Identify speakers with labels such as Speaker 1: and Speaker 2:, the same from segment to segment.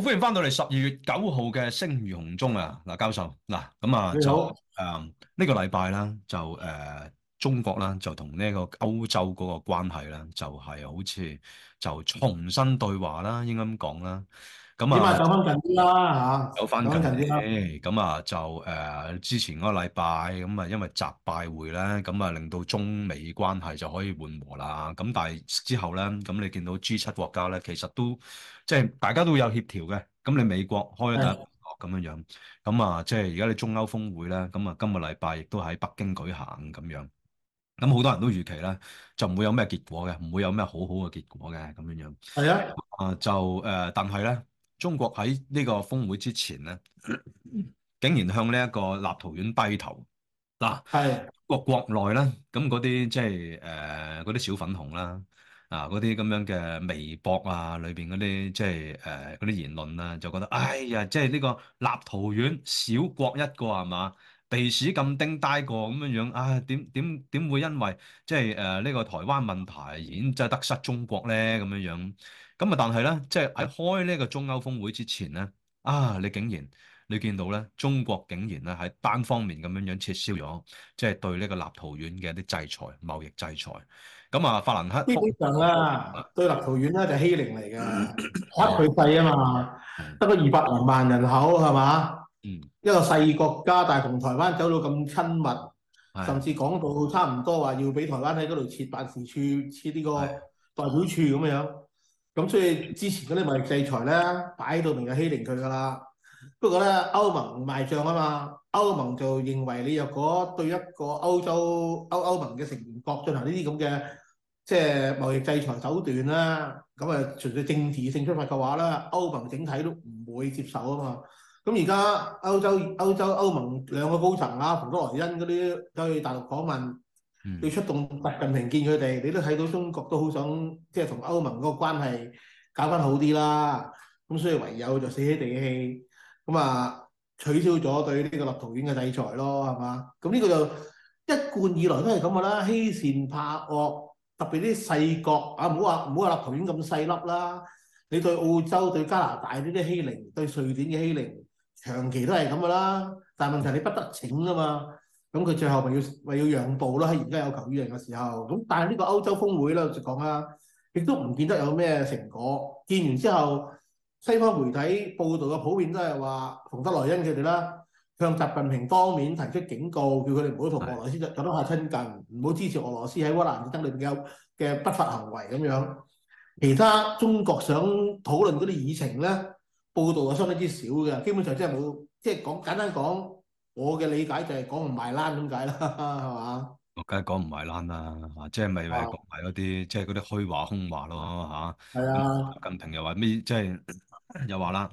Speaker 1: 歡迎翻到嚟十二月九號嘅《聲如洪鐘》啊！嗱，教授嗱，咁啊好就誒、呃這個、呢個禮拜啦，就誒、呃、中國啦，就同呢個歐洲嗰個關係啦，就係、是、好似就重新對話啦，應該咁講啦。咁啊，
Speaker 2: 走翻近啲啦嚇，走翻近
Speaker 1: 啲。咁啊、欸、就誒、呃，之前嗰個禮拜咁啊，因為習拜會咧，咁啊令到中美關係就可以緩和啦。咁但係之後咧，咁你見到 G 七國家咧，其實都即係、就是、大家都有協調嘅。咁你美國開一大咁樣樣，咁啊即係而家你中歐峰會咧，咁啊今個禮拜亦都喺北京舉行咁樣。咁好多人都預期咧，就唔會有咩結果嘅，唔會有咩好好嘅結果嘅咁樣樣。係的啊，啊就誒、呃，但係咧。中國喺呢個峰會之前咧，竟然向呢一個立陶宛低頭，嗱、啊、係國內咧，咁嗰啲即係誒嗰啲小粉紅啦，啊嗰啲咁樣嘅微博啊，裏邊嗰啲即係誒嗰啲言論啊，就覺得哎呀，即係呢個立陶宛小國一個係嘛，鼻屎咁丁呆個咁樣樣，啊點點點會因為即係誒呢個台灣問題而真係得失中國咧咁樣樣？咁啊！但係咧，即係喺開呢一個中歐峰會之前咧，啊！你竟然你見到咧，中國竟然咧喺單方面咁樣樣撤銷咗，即係對呢個立陶宛嘅一啲制裁、貿易制裁。咁啊，法蘭克，呢啲人呢，對立陶宛咧就欺凌
Speaker 2: 嚟㗎，嗯、黑佢細啊嘛，得個二百零萬人口係嘛，嗯、一個細國家，但同台灣走到咁親密，嗯、甚至講到差唔多話要俾台灣喺嗰度設辦事處、設呢個代表處咁樣。咁所以之前嗰啲貿易制裁咧，擺到明係欺凌佢噶啦。不過咧，歐盟唔賣帳啊嘛，歐盟就認為你若果對一個歐洲、歐歐盟嘅成員國進行呢啲咁嘅即係貿易制裁手段啦，咁啊純粹政治性出發嘅話啦，歐盟整體都唔會接受啊嘛。咁而家歐洲、歐洲、歐盟兩個高層啊，馮德萊恩嗰啲走去大陸訪問。要出動習近平見佢哋，你都睇到中國都好想即係同歐盟嗰個關係搞翻好啲啦。咁所以唯有就死死地氣，咁啊取消咗對呢個立陶宛嘅制裁咯，係嘛？咁呢個就一貫以來都係咁噶啦，欺善怕惡，特別啲細國啊，唔好話唔好話立陶宛咁細粒啦。你對澳洲、對加拿大呢啲欺凌，對瑞典嘅欺凌，長期都係咁噶啦。但問題你不得逞㗎嘛。咁佢最後咪要咪要讓步啦？喺而家有求於人嘅時候，咁但係呢個歐洲峰會咧，就講啦，亦都唔見得有咩成果。見完之後，西方媒體報道嘅普遍都係話，馮德萊恩佢哋啦，向習近平方面提出警告，叫佢哋唔好同俄羅斯作太多親近，唔好支持俄羅斯喺烏蘭爭裏邊嘅嘅不法行為咁樣。其他中國想討論嗰啲議程咧，報道就相當之少嘅，基本上即係冇，即係講簡單講。我
Speaker 1: 嘅理解就係講唔埋欄咁解啦，係 嘛吧？我梗係講唔埋欄啦，啊啊啊、即係咪誒講埋嗰啲，即係嗰啲虛話空話咯，嚇、啊！係啦、啊。習近平又話咩？即係又，即是又是話啦，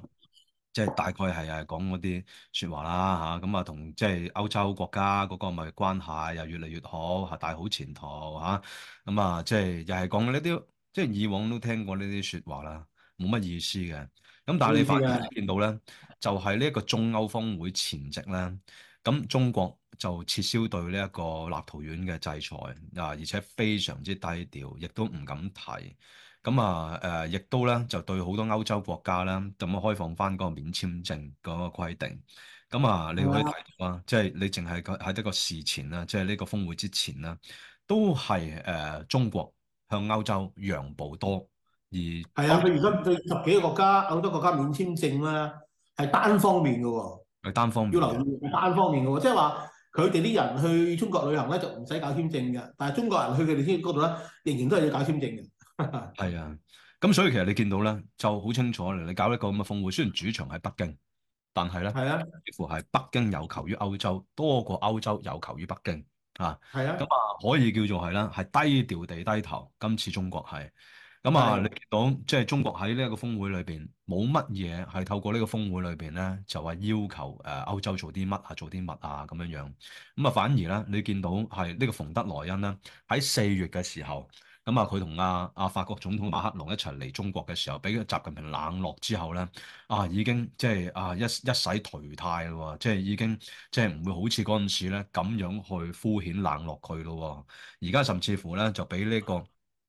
Speaker 1: 即係大概係係講嗰啲説話啦，嚇！咁啊，同即係歐洲國家嗰個咪關係又越嚟越好，係大好前途嚇！咁啊，啊，即係又係講呢啲，即係以往都聽過呢啲説話啦，冇乜意思嘅。咁但係你發現到咧，就係呢一個中歐峰會前夕咧，咁中國就撤銷對呢一個立陶宛嘅制裁，啊而且非常之低調，亦都唔敢提。咁啊誒，亦、呃、都咧就對好多歐洲國家啦，咁開放翻個免簽證嗰個規定。咁啊，你可以睇到啦，即、就、係、係、你淨係喺得個事前啦，即係呢個峰會之前啦，都係誒、呃、中國向歐洲讓步多。係而啊，
Speaker 2: 佢而家對十幾個國家，好多國家免簽證咧，係單方面嘅
Speaker 1: 喎。係單方面，要留
Speaker 2: 意單方面嘅喎，即係話佢哋啲人去中國旅行咧就唔使搞簽證嘅，但係中國人去佢哋啲嗰度咧，仍然都係要搞簽證嘅。
Speaker 1: 係 啊，咁所以其實你見到咧就好清楚，你搞一個咁嘅峰會，雖然主場喺北京，但係咧，係啊，啊幾乎係北京有求於歐洲多過歐洲有求於北京啊。係啊，咁啊可以叫做係啦，係低調地低頭。今次中國係。咁啊，你見到即係中國喺呢一個峰會裏邊冇乜嘢係透過呢個峰會裏邊咧，就話要求誒歐洲做啲乜啊，做啲乜啊咁樣樣。咁啊，反而咧，你見到係呢個馮德萊恩咧，喺四月嘅時候，咁啊，佢同阿阿法國總統馬克龍一齊嚟中國嘅時候，俾個習近平冷落之後咧，啊已經即係啊一一洗頹態嘞喎，即係已經即係唔會好似嗰陣時咧咁樣去敷衍冷落佢咯。而家甚至乎咧，就俾呢個。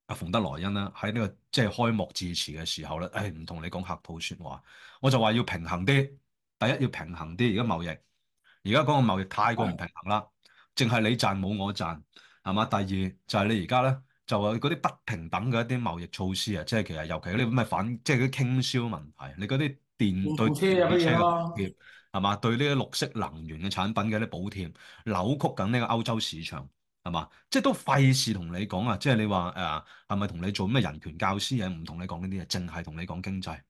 Speaker 1: 阿馮德萊恩啦，喺呢個即係開幕致辭嘅時候咧，誒唔同你講客套說話，我就話要平衡啲，第一要平衡啲，而家貿易，而家講嘅貿易太過唔平衡啦，淨係你賺冇我賺，係嘛？第二就係你而家咧，就係嗰啲不平等嘅一啲貿易措施啊，即係其實尤其嗰啲咁嘅反，即係啲傾銷問題，你嗰啲電動車嘅補貼，係嘛？對呢啲綠色能源嘅產品嘅啲補貼，扭曲緊呢個歐洲市場。係嘛？即係都費事同你講啊！即係你話誒，係咪同你做咩人權、教師嘢唔同你講呢啲嘢，淨係同你講經濟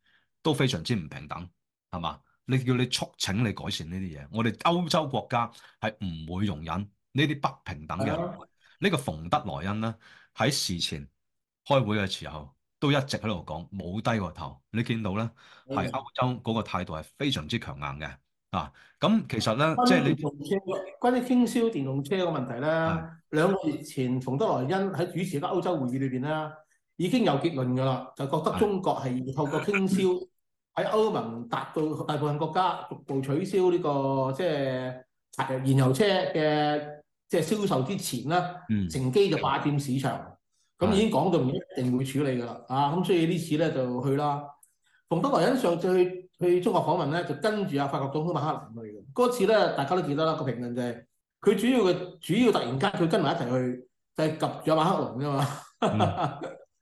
Speaker 1: 都非常之唔平等，係嘛？你叫你促請你改善呢啲嘢，我哋歐洲國家係唔會容忍呢啲不平等嘅。這個、馮呢個馮德萊恩咧喺事前開會嘅時候都一直喺度講，冇低過頭。你見到咧係歐洲嗰個態度係非常之強硬嘅。啊，咁其實咧，即係
Speaker 2: 你。關於傾銷電動車個你問題咧，兩個月前馮德萊恩喺主持翻歐洲會議裏邊咧，已經有結論噶啦，就覺得中國係透過傾銷喺歐盟達到大部分國家逐步取消呢、這個即係、就是、燃油車嘅即係銷售之前啦，的乘機就霸占市場。咁的已經講到，唔一定會處理噶啦。的啊，咁所以次呢次咧就去啦。馮德萊恩上次去。去中國訪問咧，就跟住阿法國總統馬克龍去嗰次咧，大家都記得啦，那個評論就係、是、佢主要嘅主要，突然間佢跟埋一齊去，就係及住阿馬克龍啫嘛。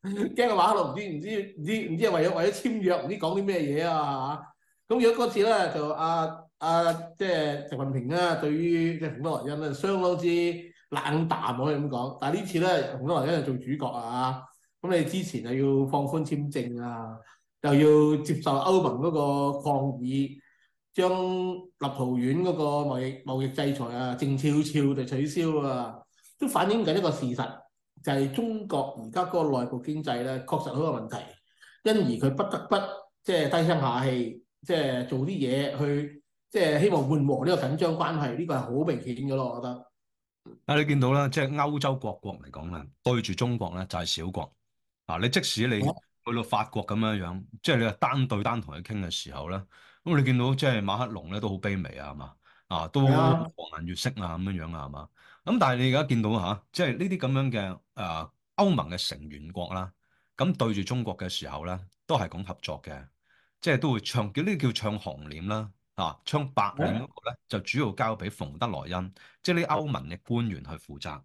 Speaker 2: 驚 阿馬克龍唔知唔知唔知唔知係為咗為咗簽約，唔知講啲咩嘢啊，咁如果嗰次咧就阿阿即係習近平啦，對於即係馮德萊恩咧，相當之冷淡我可以咁講。但係呢次咧，馮德萊恩係做主角啊，咁你之前又要放寬簽證啊？又要接受歐盟嗰個抗議，將立陶宛嗰個貿易貿易制裁啊、靜悄悄地取消啊，都反映緊一個事實，就係、是、中國而家嗰個內部經濟咧確實好有問題，因而佢不得不即係、就是、低聲下氣，即、就、係、是、做啲嘢去，即、就、係、是、希望緩和呢個緊張關係，呢、這個係好明顯噶咯，我覺得。
Speaker 1: 啊，你見到啦，即係歐洲各國嚟講啦，對住中國咧就係小國啊，你即使你。去到法國咁樣樣，即係你單對單同佢傾嘅時候咧，咁你見到即係馬克龍咧都好卑微啊，係嘛啊，都和顏悅色啊咁樣樣啊，係嘛？咁但係你而家見到嚇，即係呢啲咁樣嘅誒歐盟嘅成員國啦，咁對住中國嘅時候咧，都係咁合作嘅，即係都會唱叫呢叫唱紅臉啦，啊唱白臉嗰個咧就主要交俾馮德萊恩，即係呢啲歐盟嘅官員去負責。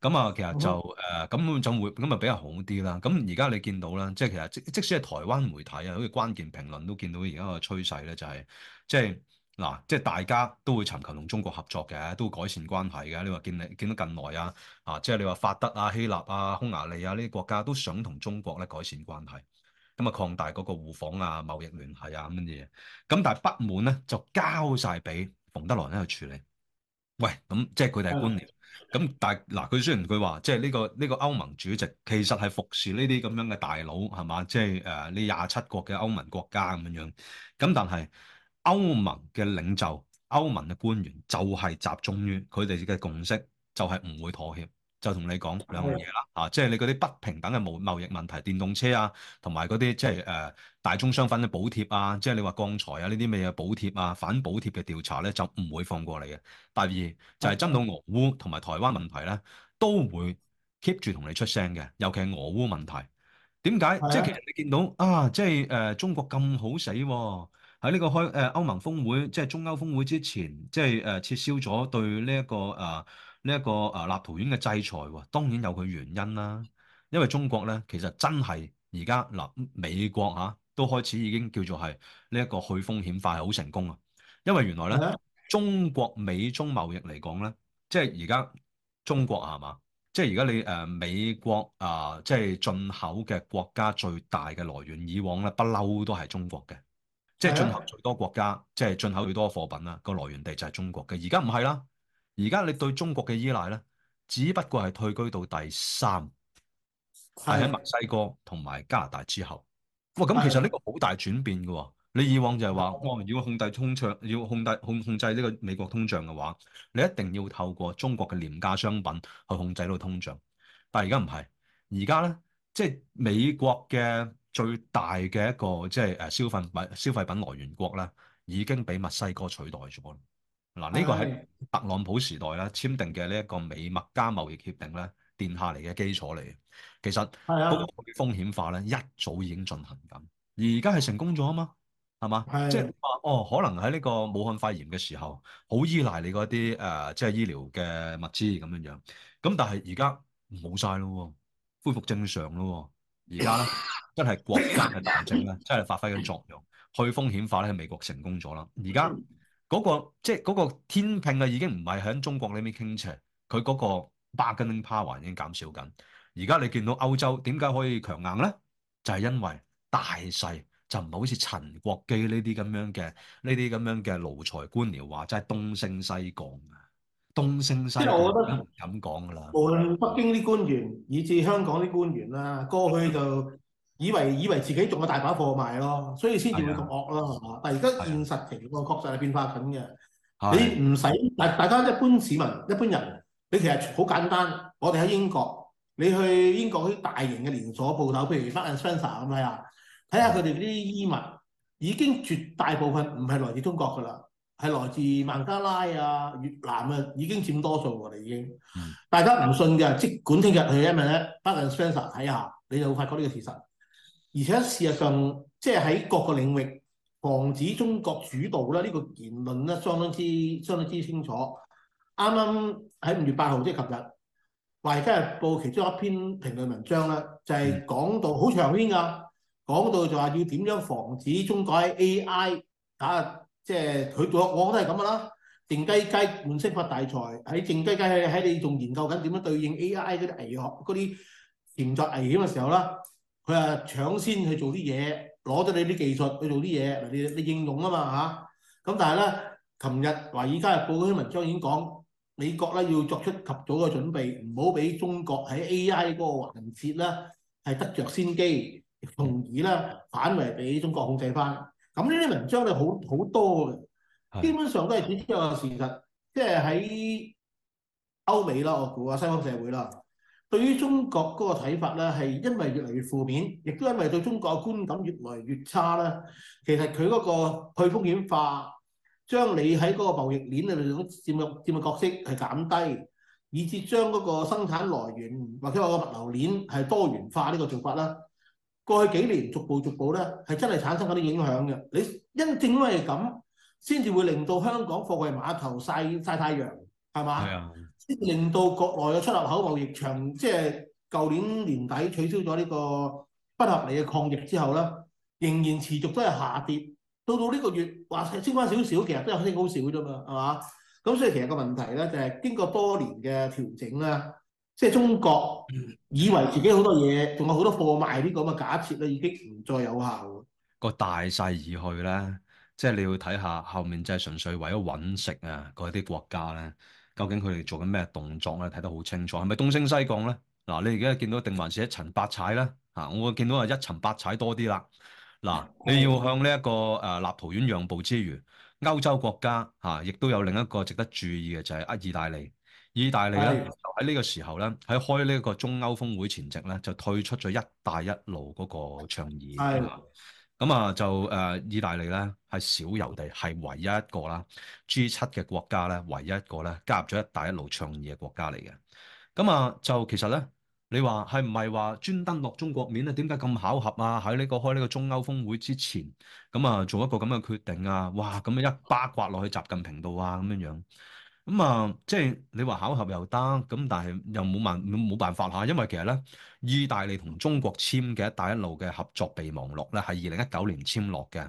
Speaker 1: 咁啊，嗯嗯、其實就誒，咁、呃、就會咁啊，比較好啲啦。咁而家你見到啦，即係其實即即使係台灣媒體啊，好似關鍵評論都見到而家個趨勢咧，就係即係嗱，即係大家都會尋求同中國合作嘅，都會改善關係嘅。你話見你見到近來啊啊，即係你話法德啊、希臘啊、匈牙利啊呢啲國家都想同中國咧改善關係，咁啊擴大嗰個互訪啊、貿易聯繫啊咁嘅嘢。咁但係不滿咧就交晒俾馮德萊恩去處理。喂，咁即係佢哋觀點。咁但嗱，佢雖然佢話即係呢個呢個歐盟主席其實係服侍呢啲咁樣嘅大佬係嘛？即係誒呢廿七國嘅歐盟國家咁樣。咁但係歐盟嘅領袖、歐盟嘅官員就係集中於佢哋嘅共識，就係唔會妥協。就同你講兩樣嘢啦，的啊，即係你嗰啲不平等嘅貿貿易問題、電動車啊，同埋嗰啲即係誒大宗商品嘅補貼啊，即係你話鋼材啊呢啲咩嘢補貼啊、反補貼嘅調查咧，就唔會放過你嘅。第二就係、是、針對俄烏同埋台灣問題咧，都會 keep 住同你出聲嘅，尤其係俄烏問題。點解？的即係其實你見到啊，即係誒、呃、中國咁好死喎、哦，喺呢個開誒歐、呃、盟峰會，即係中歐峰會之前，即係誒撤銷咗對呢、這、一個啊。啊呢一個誒立陶宛嘅制裁，當然有佢原因啦。因為中國咧，其實真係而家嗱，美國嚇、啊、都開始已經叫做係呢一個去風險化，係好成功啊。因為原來咧，中國美中貿易嚟講咧，即係而家中國係嘛？即係而家你誒、呃、美國啊，即係進口嘅國家最大嘅來源，以往咧不嬲都係中國嘅，
Speaker 2: 即係進口
Speaker 1: 最多國家，即係進口最多貨品啦，個來源地就係中國嘅。而家唔係啦。而家你對中國嘅依賴咧，只不過係退居到第三，喺的墨西哥同埋加拿大之後。哇！咁其實呢個好大轉變嘅喎。你以往就係話，我、哦、哋要控制通脹，要控制控控制呢個美國通脹嘅話，你一定要透過中國嘅廉價商品去控制到通脹。但係而家唔係，而家咧即係美國嘅最大嘅一個即係誒消費品消費品來源國啦，已經俾墨西哥取代咗。嗱，呢個喺特朗普時代咧簽訂嘅呢一個美墨加貿易協定咧，墊下嚟嘅基礎嚟。其實嗰個的風險化咧一早已經進行緊，而家係成功咗啊嘛，係嘛？的即係話哦，可能喺呢個武漢肺炎嘅時候，好依賴你嗰啲誒，即係醫療嘅物資咁樣樣。咁但係而家冇晒咯，恢復正常咯。而家咧真係國家嘅大政咧，真係發揮緊作用，去風險化咧喺美國成功咗啦。而家。嗰、那個即係嗰個天平啊，已經唔係喺中國呢邊傾斜，佢嗰個 bargaining power 已經減少緊。而家你見到歐洲點解可以強硬咧？就係、是、因為大勢就唔係好似陳國基呢啲咁樣嘅呢啲咁樣嘅奴才官僚話，真係東升西降啊，東升西。我覺得唔敢講啦。
Speaker 2: 無論北京啲官員，以至香港啲官員啦，過去就。 以為以為自己仲有大把貨賣咯，所以先至會咁惡咯。的但係而家現實情況確實係變化緊嘅。的你唔使大大家一般市民一般人，你其實好簡單。我哋喺英國，你去英國啲大型嘅連鎖鋪頭，譬如 Marks and Spencer 咁睇下，睇下佢哋啲衣物已經絕大部分唔係來自中國㗎啦，係來自孟加拉啊、越南啊，已經佔多數㗎啦已經。大家唔信嘅，即管聽日去一咪一 Marks and Spencer 睇下，你就會發覺呢個事實。而且事實上，即係喺各個領域防止中國主導咧，呢、呢個言論咧，相當之、相當之清楚。啱啱喺五月八號，即係琴日，《華爾街日報》其中一篇評論文章咧，就係、是、講到好的長篇㗎，講到就話要點樣防止中國喺 AI 打，即係佢做，我覺得係咁噶啦，靜雞雞換色發大財，喺靜雞雞喺你仲研究緊點樣對應 AI 嗰啲危學嗰啲潛在危險嘅時候啦。佢話搶先去做啲嘢，攞咗你啲技術去做啲嘢，你你應用啊嘛嚇，咁但係咧，琴日華爾街日報嗰啲文章已經講美國咧要作出及早嘅準備，唔好俾中國喺 A.I. 嗰個環節咧係得着先機，從而咧反為俾中國控制翻。咁呢啲文章咧好好多嘅，基本上都係只有個事實，即係喺歐美啦，我估下西方社會啦。對於中國嗰個睇法咧，係因為越嚟越負面，亦都因為對中國嘅觀感越嚟越差啦。其實佢嗰個去風險化，將你喺嗰個貿易鏈裏邊佔嘅佔嘅角色係減低，以至將嗰個生產來源或者話個物流鏈係多元化呢個做法啦。過去幾年逐步逐步咧，係真係產生咗啲影響嘅。你因正因為咁，先至會令到香港貨櫃碼頭曬曬太陽，係嘛？係啊。令到國內嘅出入口貿易場，即係舊年年底取消咗呢個不合理嘅抗疫之後咧，仍然持續都係下跌。到到呢個月話係升翻少少，其實都係升好少啫嘛，係嘛？咁所以其實個問題咧，就係經過多年嘅調整啦，即係中國以為自己好多嘢仲有好多貨賣呢個咁嘅假設咧，已經唔再有效。
Speaker 1: 個大勢而去啦，即係你要睇下後面就係純粹為咗揾食啊嗰啲國家咧。究竟佢哋做緊咩動作咧？睇得好清楚，係咪東升西降咧？嗱、啊，你而家見到定還是一沉百踩咧？嚇、啊，我見到啊一沉百踩多啲啦。嗱、啊，你要向呢、這、一個誒、啊、立陶宛讓步之餘，歐洲國家嚇亦、啊、都有另一個值得注意嘅就係、是、啊意大利。意大利咧喺呢的個時候咧喺開呢一個中歐峰會前夕咧就退出咗一帶一路嗰個倡議。咁啊就誒、呃，意大利咧係少有地係唯一一個啦，G 七嘅國家咧，唯一一個咧加入咗一帶一路倡議嘅國家嚟嘅。咁啊就其實咧，你話係唔係話專登落中國面咧？點解咁巧合啊？喺呢個開呢個中歐峰會之前，咁啊做一個咁嘅決定啊！哇，咁樣一巴刮落去習近平度啊，咁樣樣。咁啊、嗯，即係你話考核又得，咁但係又冇辦冇冇辦法嚇，因為其實咧，意大利同中國簽嘅一帶一路嘅合作備忘錄咧，係二零一九年簽落嘅，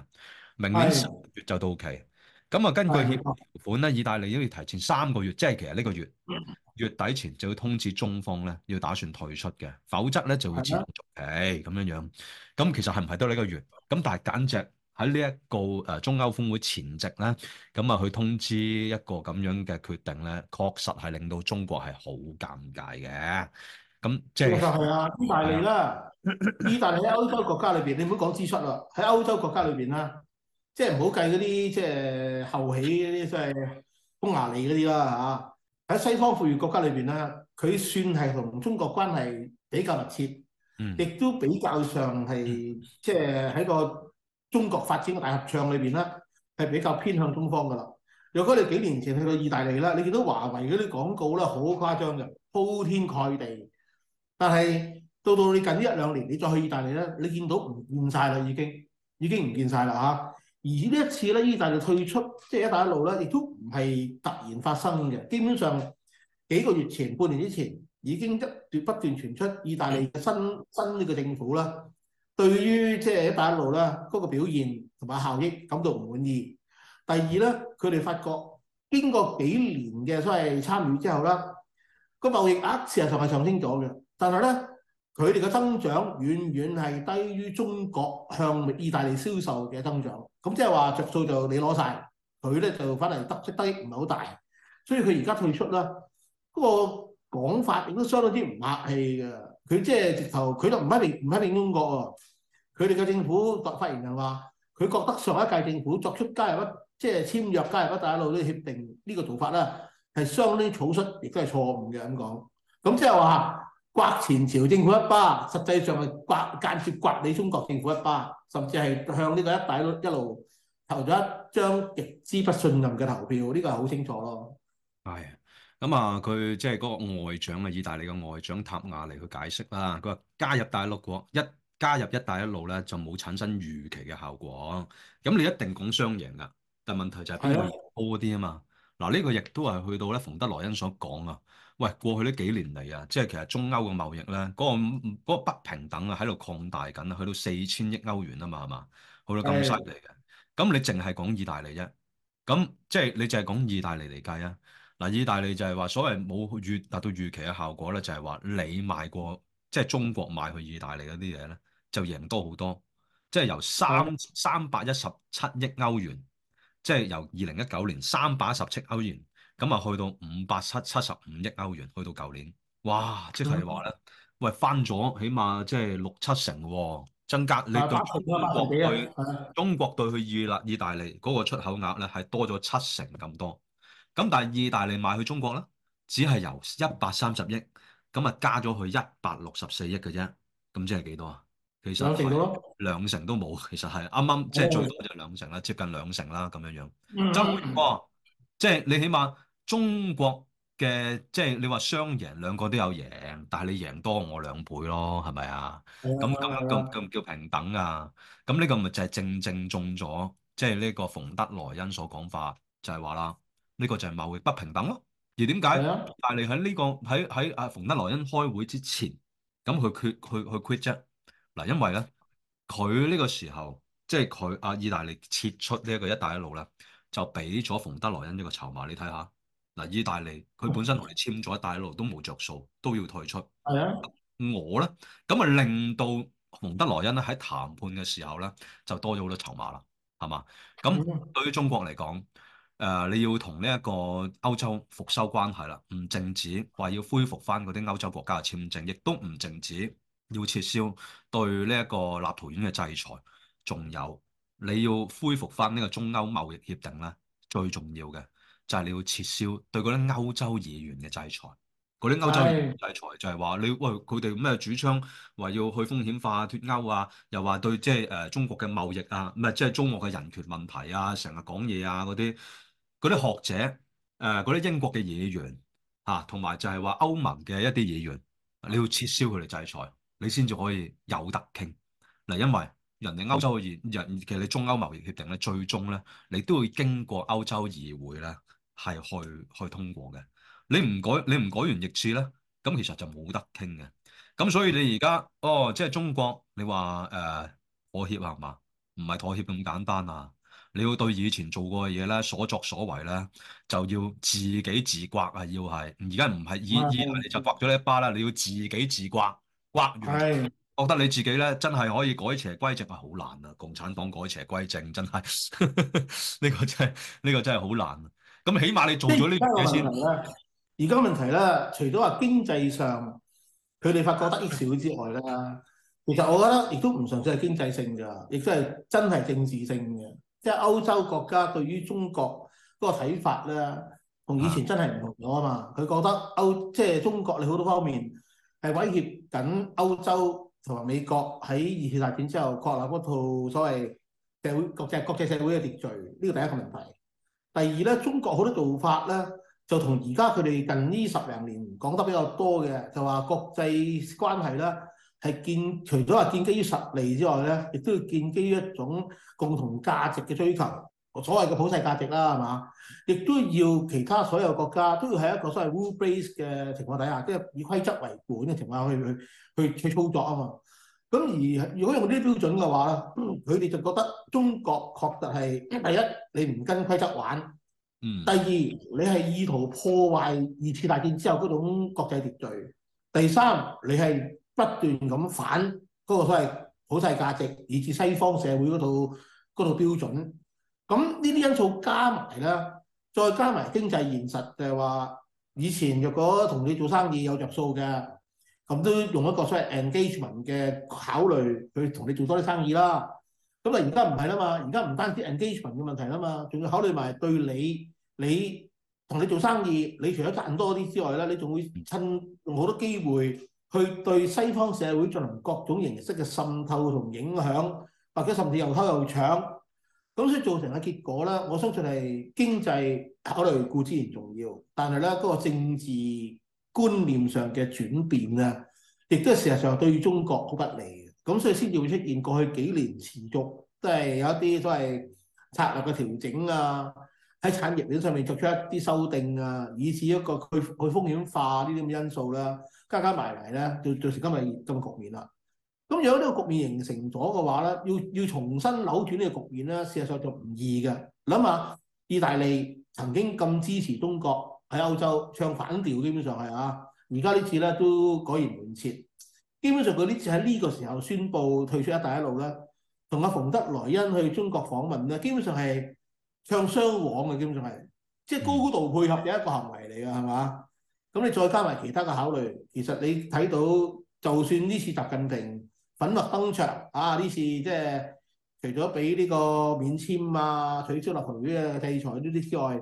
Speaker 1: 明年十月就到期。咁啊的，根據協議條款咧，的意大利都要提前三個月，即、就、係、是、其實呢個月的月底前就要通知中方咧，要打算退出嘅，否則咧就會自動續期咁樣的樣。咁、嗯、其實係唔係到呢個月？咁但係簡直～喺呢一個誒中歐峰會前夕咧，咁啊佢通知一個咁樣嘅決定咧，確實係令到中國係好尷尬嘅。咁即係係啊，意大利啦，
Speaker 2: 意 大利喺歐洲國家裏邊，你唔好講支出啦，喺歐洲國家裏邊啦，即係唔好計嗰啲即係後起嗰啲即係匈牙利嗰啲啦嚇。喺西方富裕國家裏邊啦，佢算係同中國關係比較密切，亦、嗯、都比較上係、嗯、即係喺個。中國發展嘅大合唱裏邊啦，係比較偏向中方噶啦。如果你幾年前去到意大利啦，你見到華為嗰啲廣告啦，好誇張嘅，鋪天蓋地。但係到到你近呢一兩年，你再去意大利咧，你見到唔見曬啦，已經已經唔見晒啦嚇。而呢一次咧，意大利退出即係一帶一路咧，亦都唔係突然發生嘅。基本上幾個月前、半年之前已經不斷不斷傳出意大利嘅新新呢個政府啦。對於即係一帶一路啦，嗰個表現同埋效益感到唔滿意。第二咧，佢哋發覺經過幾年嘅所謂參與之後啦，個貿易額事實上係上升咗嘅，但係咧佢哋嘅增長遠遠係低於中國向意大利銷售嘅增長。咁即係話著數就你攞晒，佢咧就反嚟得，得益得唔係好大，所以佢而家退出啦。嗰個講法亦都相當之唔客氣㗎。佢即係直頭，佢都唔一定唔喺邊中國喎。佢哋嘅政府作發言人話，佢覺得上一屆政府作出加入一即係簽約加入一帶一路呢個協定呢個做法啦，係相當之草率，亦都係錯誤嘅咁講。咁即係話刮前朝政府一巴，巴，實際上係刮間接刮你中國政府一巴，巴，甚至係向呢個一帶一路投咗一張極之不信任嘅投票，呢個係好清楚咯。
Speaker 1: 係啊、哎，咁啊，佢即係嗰個外長啊，意大利嘅外長塔亞尼去解釋啦。佢話加入大陸嘅一加入一帶一路咧就冇產生預期嘅效果，咁你一定講雙贏噶，但問題就係高啲啊嘛。嗱呢的個亦都係去到咧馮德萊恩所講啊，喂過去呢幾年嚟啊，即係其實中歐嘅貿易咧嗰、嗰個那個不平等啊喺度擴大緊啊，去到四千億歐元啊嘛係嘛？好啦咁犀利嘅，咁的你淨係講意大利啫，咁即係你淨係講意大利嚟計啊，嗱意大利就係話所謂冇預達到預期嘅效果咧，就係、是、話你賣過即係、就是、中國賣去意大利嗰啲嘢咧。就贏多好多，即係由三三百一十七億歐元，即係由二零一九年三百一十七歐元，咁啊去到五百七七十五億歐元，去到舊年，哇！即係話咧，喂，翻咗起碼即係六七成喎，增加你對中國對中國對佢意嘞意大利嗰個出口額咧，係多咗七成咁多。咁但係意大利賣去中國啦，只係由一百三十億，咁啊加咗去一百六十四億嘅啫，咁即係幾多啊？其實兩成咯，兩成都冇。其實係啱啱，即係最多就兩成啦，接近兩成啦，咁樣樣。真唔錯，即、hmm. 係、就是、你起碼中國嘅，即、就、係、是、你話雙贏兩個都有贏，但係你贏多我兩倍咯，係咪啊？咁咁樣咁咁唔叫平等啊？咁呢個咪就係正正中咗，即係呢個馮德萊恩所講法就係話啦，呢、這個就係貿易不平等咯。而點解？Mm hmm. 但係你喺呢、這個喺喺阿馮德萊恩開會之前，咁佢決佢佢 quit 啫。嗱，因為咧，佢呢個時候即係佢啊，意大利撤出呢一個一帶一路咧，就俾咗馮德萊恩呢個籌碼。你睇下，嗱，意大利佢本身同你簽咗一帶一路都冇着數，都要退出。係啊的。我咧咁啊，令到馮德萊恩咧喺談判嘅時候咧，就多咗好多籌碼啦，係嘛？咁對於中國嚟講，誒、呃，你要同呢一個歐洲復修關係啦，唔淨止話要恢復翻嗰啲歐洲國家嘅簽證，亦都唔淨止。要撤銷對呢一個立陶宛嘅制裁，仲有你要恢復翻呢個中歐貿易協定咧，最重要嘅就係你要撤銷對嗰啲歐洲議員嘅制裁。嗰啲歐洲議員制裁就係話是你喂佢哋咩主張，話要去風險化啊、脱歐啊，又話對即係誒中國嘅貿易啊，唔係即係中國嘅人權問題啊，成日講嘢啊嗰啲嗰啲學者誒嗰啲英國嘅議員嚇，啊、同埋就係話歐盟嘅一啲議員，你要撤銷佢哋制裁。你先至可以有得傾，嗱，因為人哋歐洲嘅議員，其實你中歐貿易協定咧，最終咧，你都會經過歐洲議會咧，係去去通過嘅。你唔改，你唔改完逆刺咧，咁其實就冇得傾嘅。咁所以你而家，哦，即係中國，你話誒、呃、妥協係嘛？唔係妥協咁簡單啊！你要對以前做過嘅嘢咧，所作所為咧，就要自己自刮啊！要係而家唔係，而 你就刮咗呢一巴啦，你要自己自刮。刮完，是覺得你自己咧真係可以改邪歸正係好難啊！共產黨改邪歸正真係呢 個真係呢、呢個真係好難啊！咁起碼你做咗呢樣嘢先。而家問題咧，
Speaker 2: 而家問題咧，除咗話經濟上佢哋發覺得益少之外咧，其實我覺得亦都唔純粹係經濟性㗎，亦都係真係政治性嘅。即係歐洲國家對於中國嗰個睇法咧，同以前真係唔同咗啊嘛！佢、啊、覺得歐即係中國，你好多方面。係威脅緊歐洲同埋美國喺二次大戰之後確立嗰套所謂社會國際國際社會嘅秩序，呢個第一個問題。第二咧，中國好多做法咧，就同而家佢哋近呢十零年講得比較多嘅，就話國際關係咧係建除咗話建基於實利之外咧，亦都要建基於一種共同價值嘅追求。所謂嘅普世價值啦，係嘛？亦都要其他所有國家都要喺一個所謂 rule-based 嘅情況底下，即係以規則為本嘅情況下去去去操作啊嘛。咁而如果用呢啲標準嘅話，佢哋就覺得中國確實係第一，你唔跟規則玩；嗯，第二，你係意圖破壞二次大戰之後嗰種國際秩序；第三，你係不斷咁反嗰個所謂普世價值，以至西方社會嗰套嗰套標準。咁呢啲因素加埋咧，再加埋經濟現實嘅話，就係話以前若果同你做生意有著數嘅，咁都用一個所謂 engagement 嘅考慮去同你做多啲生意啦。咁啊，而家唔係啦嘛，而家唔單止 engagement 嘅問題啦嘛，仲要考慮埋對你，你同你做生意，你除咗賺多啲之外咧，你仲會趁好多機會去對西方社會進行各種形式嘅滲透同影響，或者甚至又偷又搶。咁所以造成嘅結果咧，我相信係經濟考慮固然重要，但係咧，嗰個政治觀念上嘅轉變啊，亦都係事實上對中國好不利嘅。咁所以先至會出現過去幾年持續，即係有一啲所謂策略嘅調整啊，喺產業鏈上面作出一啲修訂啊，以至一個去去風險化呢啲咁嘅因素啦，加加埋嚟咧，就造成今日今局面啦。咁如果呢個局面形成咗嘅話咧，要要重新扭轉呢個局面咧，事實上就唔易嘅。諗下，意大利曾經咁支持中國喺歐洲唱反調，基本上係啊，而家呢次咧都改弦易轍。基本上佢呢次喺呢個時候宣布退出一帶一路咧，同阿馮德萊恩去中國訪問咧，基本上係唱雙簧嘅，基本上係即係高度配合嘅一個行為嚟嘅，係嘛？咁你再加埋其他嘅考慮，其實你睇到就算呢次習近平，粉墨登場啊！呢次即係除咗俾呢個免簽啊、取消落佢啊、制裁呢啲之外，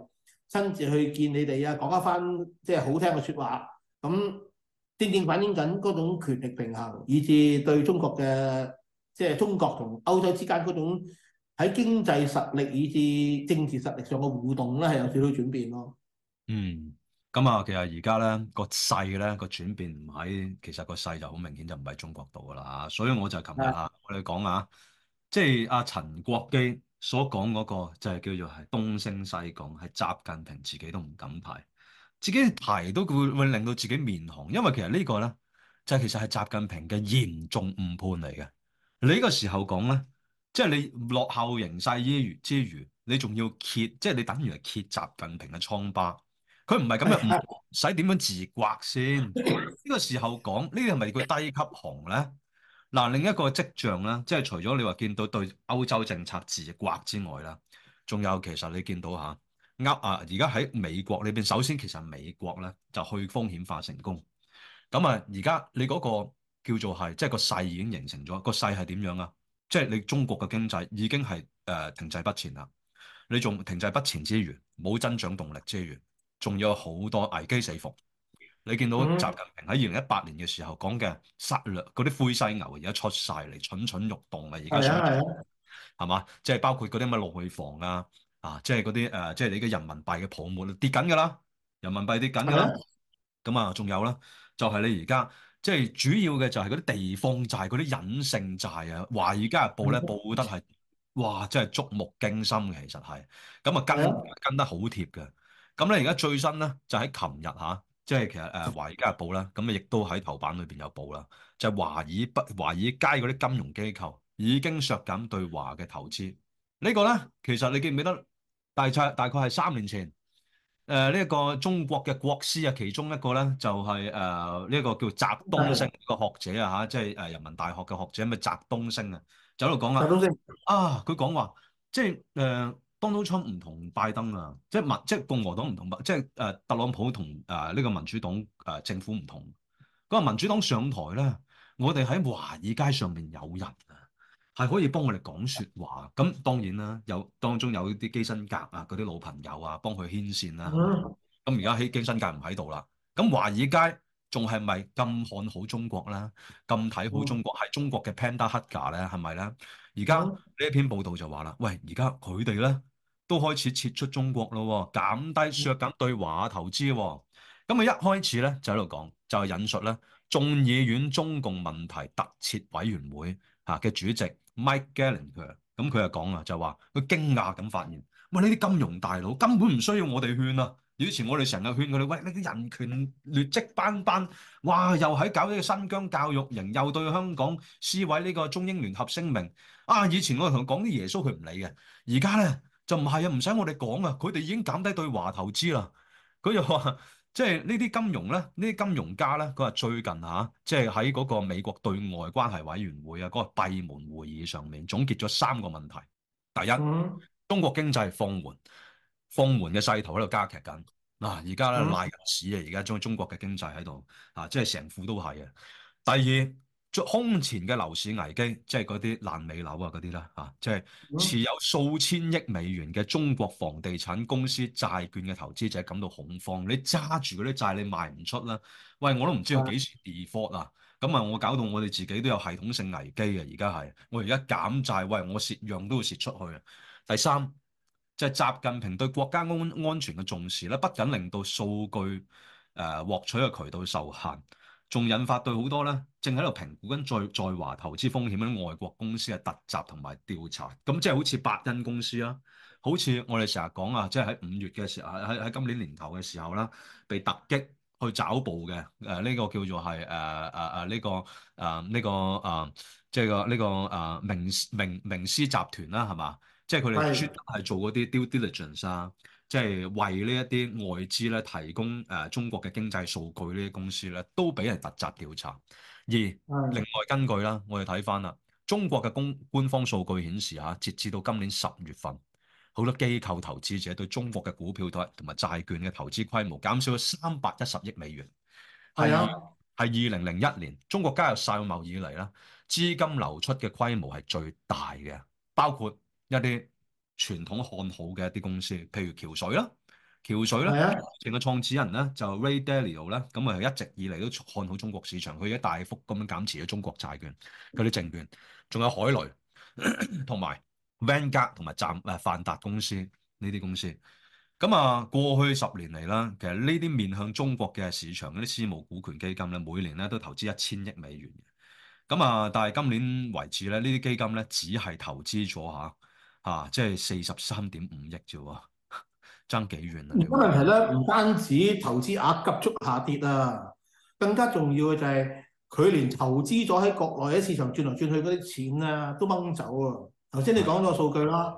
Speaker 2: 親自去見你哋啊，講一番即係好聽嘅説話，咁、嗯、真正反映緊嗰種權力平衡，以至對中國嘅即係中國同歐洲之間嗰種喺經濟實力以至政治實力上嘅互動咧，係有少少轉變咯。嗯。
Speaker 1: 咁啊、嗯，其實而家咧個勢咧個轉變唔喺，其實個勢就好明顯，就唔喺中國度噶啦，所以我就琴日啊，我哋講啊，即係阿、啊、陳國基所講嗰個就係叫做係東升西降，係習近平自己都唔敢排。自己排都會會令到自己面紅，因為其實個呢個咧就係、是、其實係習近平嘅嚴重誤判嚟嘅。你呢個時候講咧，即係你落後形勢之餘之餘，你仲要揭，即係你等於係揭習近平嘅瘡疤，佢唔係咁樣，唔使點樣自刮先？呢、這個時候講呢啲係咪個低級紅咧？嗱、啊，另一個跡象啦，即係除咗你話見到對歐洲政策自刮之外啦，仲有其實你見到吓，呃啊，而家喺美國裏邊，首先其實美國咧就去風險化成功咁、嗯、啊。而家你嗰個叫做係即係個勢已經形成咗個勢係點樣啊？即係你中國嘅經濟已經係誒、呃、停滯不前啦，你仲停滯不前之餘冇增長動力之餘。仲有好多危機四伏，你見到習近平喺二零一八年嘅時候講嘅殺略嗰啲灰犀牛，而家出晒嚟蠢蠢欲動喇。而家係嘛，即係包括嗰啲咁嘅內房啊，啊，即係嗰啲誒，即係你嘅人民幣嘅泡沫跌緊噶啦，人民幣跌緊噶啦。咁的、就是就是、啊，仲有啦，就係你而家即係主要嘅就係嗰啲地方債、嗰啲隱性債啊。華爾街報咧報得係哇，真係觸目驚心。其實係咁啊，跟跟得好貼嘅。咁咧，而家最新咧，就喺琴日嚇，即、啊、係、就是、其實誒、啊《華爾街日報》啦、啊。咁啊亦都喺頭版裏邊有報啦，就是、華爾不華爾街嗰啲金融機構已經削減對華嘅投資。這個、呢個咧，其實你記唔記得？大約大概係三年前，誒呢一個中國嘅國師啊，其中一個咧就係誒呢一個叫翟東升個學者啊吓，即係誒人民大學嘅學者咩？翟東升，習東升啊，喺度講啦。翟東升啊，佢講話，即係誒。啊。幫到唔同拜登啊，即係民即係共和黨唔同，即係誒特朗普同誒呢個民主黨誒政府唔同。嗰個民主黨上台咧，我哋喺華爾街上邊有人啊，係可以幫我哋講説話。咁當然啦，有當中有啲基辛格啊嗰啲老朋友啊幫佢牽線啦。咁而家喺基辛格唔喺度啦，咁華爾街仲係咪咁看好中國咧？咁睇、嗯、好中國喺中國嘅 Panda Hugger 咧係咪咧？而家呢一篇報道就話啦，喂，而家佢哋咧。都開始撤出中國咯，減低削減對華投資。咁佢一開始咧就喺度講，就、就是、引述咧眾議院中共問題特設委員會嚇嘅主席 Mike Galen 佢啊，咁佢啊講啊，就話佢驚訝咁發現，喂，呢啲金融大佬根本唔需要我哋勸啊，以前我哋成日勸佢哋，喂，呢啲人權劣跡斑斑，哇，又喺搞呢個新疆教育營，又對香港撕毀呢個中英聯合聲明啊，以前我同佢講啲耶穌佢唔理嘅，而家咧。就唔係啊，唔使我哋講啊，佢哋已經減低對華投資啦。佢就話，即係呢啲金融咧，呢啲金融家咧，佢話最近嚇，即係喺嗰個美國對外關係委員會啊嗰個閉門會議上面總結咗三個問題。第一，中國經濟放緩，放緩嘅勢頭喺度加劇緊。嗱，而家咧瀨緊屎啊！而家將中國嘅經濟喺度啊，即係成副都係啊。第二。空前嘅樓市危機，即係嗰啲爛尾樓啊嗰啲啦，啊，即係持有數千億美元嘅中國房地產公司債券嘅投資者感到恐慌。你揸住嗰啲債，你賣唔出啦。喂，我都唔知道我幾時 default 啊。咁啊，我搞到我哋自己都有系統性危機啊。而家係我而家減債，喂，我蝕樣都要蝕出去啊。第三，即係習近平對國家安安全嘅重視咧，不僅令到數據，呃，獲取嘅渠道受限。仲引發對好多咧，正喺度評估緊在在華投資風險嗰啲外國公司嘅突襲同埋調查，咁即係好似百恩公司啦，好似我哋成日講啊，即係喺五月嘅時候，喺喺今年年頭嘅時候啦，被突擊去抓捕嘅，誒、呃、呢、這個叫做係誒誒誒呢個誒呢、呃這個誒即係個呢、呃這個誒、呃這個呃這個呃、名名名師集團啦，係嘛？即係佢哋專登係做嗰啲 due diligence 啊。即係為呢一啲外資咧提供誒中國嘅經濟數據呢啲公司咧，都俾人突襲調查。而另外根據啦，我哋睇翻啦，中國嘅公官方數據顯示嚇、啊，截至到今年十月份，好多機構投資者對中國嘅股票同埋債券嘅投資規模減少咗三百一十億美元。係啊，係二零零一年中國加入世貿以嚟啦，資金流出嘅規模係最大嘅，包括一啲。傳統看好嘅一啲公司，譬如橋水啦，橋水咧，佢嘅 Yeah. 創始人咧就是、Ray Dalio 咧，咁啊一直以嚟都看好中國市場，佢而家大幅咁樣減持咗中國債券嗰啲證券，仲有海雷同埋 Vanguard 同埋湛誒泛達公司呢啲公司，咁啊過去十年嚟啦，其實呢啲面向中國嘅市場嗰啲私募股權基金咧，每年咧都投資一千億美元嘅，咁啊但係今年為止咧，呢啲基金咧只係投資咗嚇。嚇、啊，即係四十三點五億啫喎，爭幾遠啊！唔
Speaker 2: 好問題咧，唔單止投資額急速下跌啊，更加重要嘅就係佢連投資咗喺國內嘅市場轉來轉去嗰啲錢啊，都掹走啊！頭先你講咗個數據啦，是的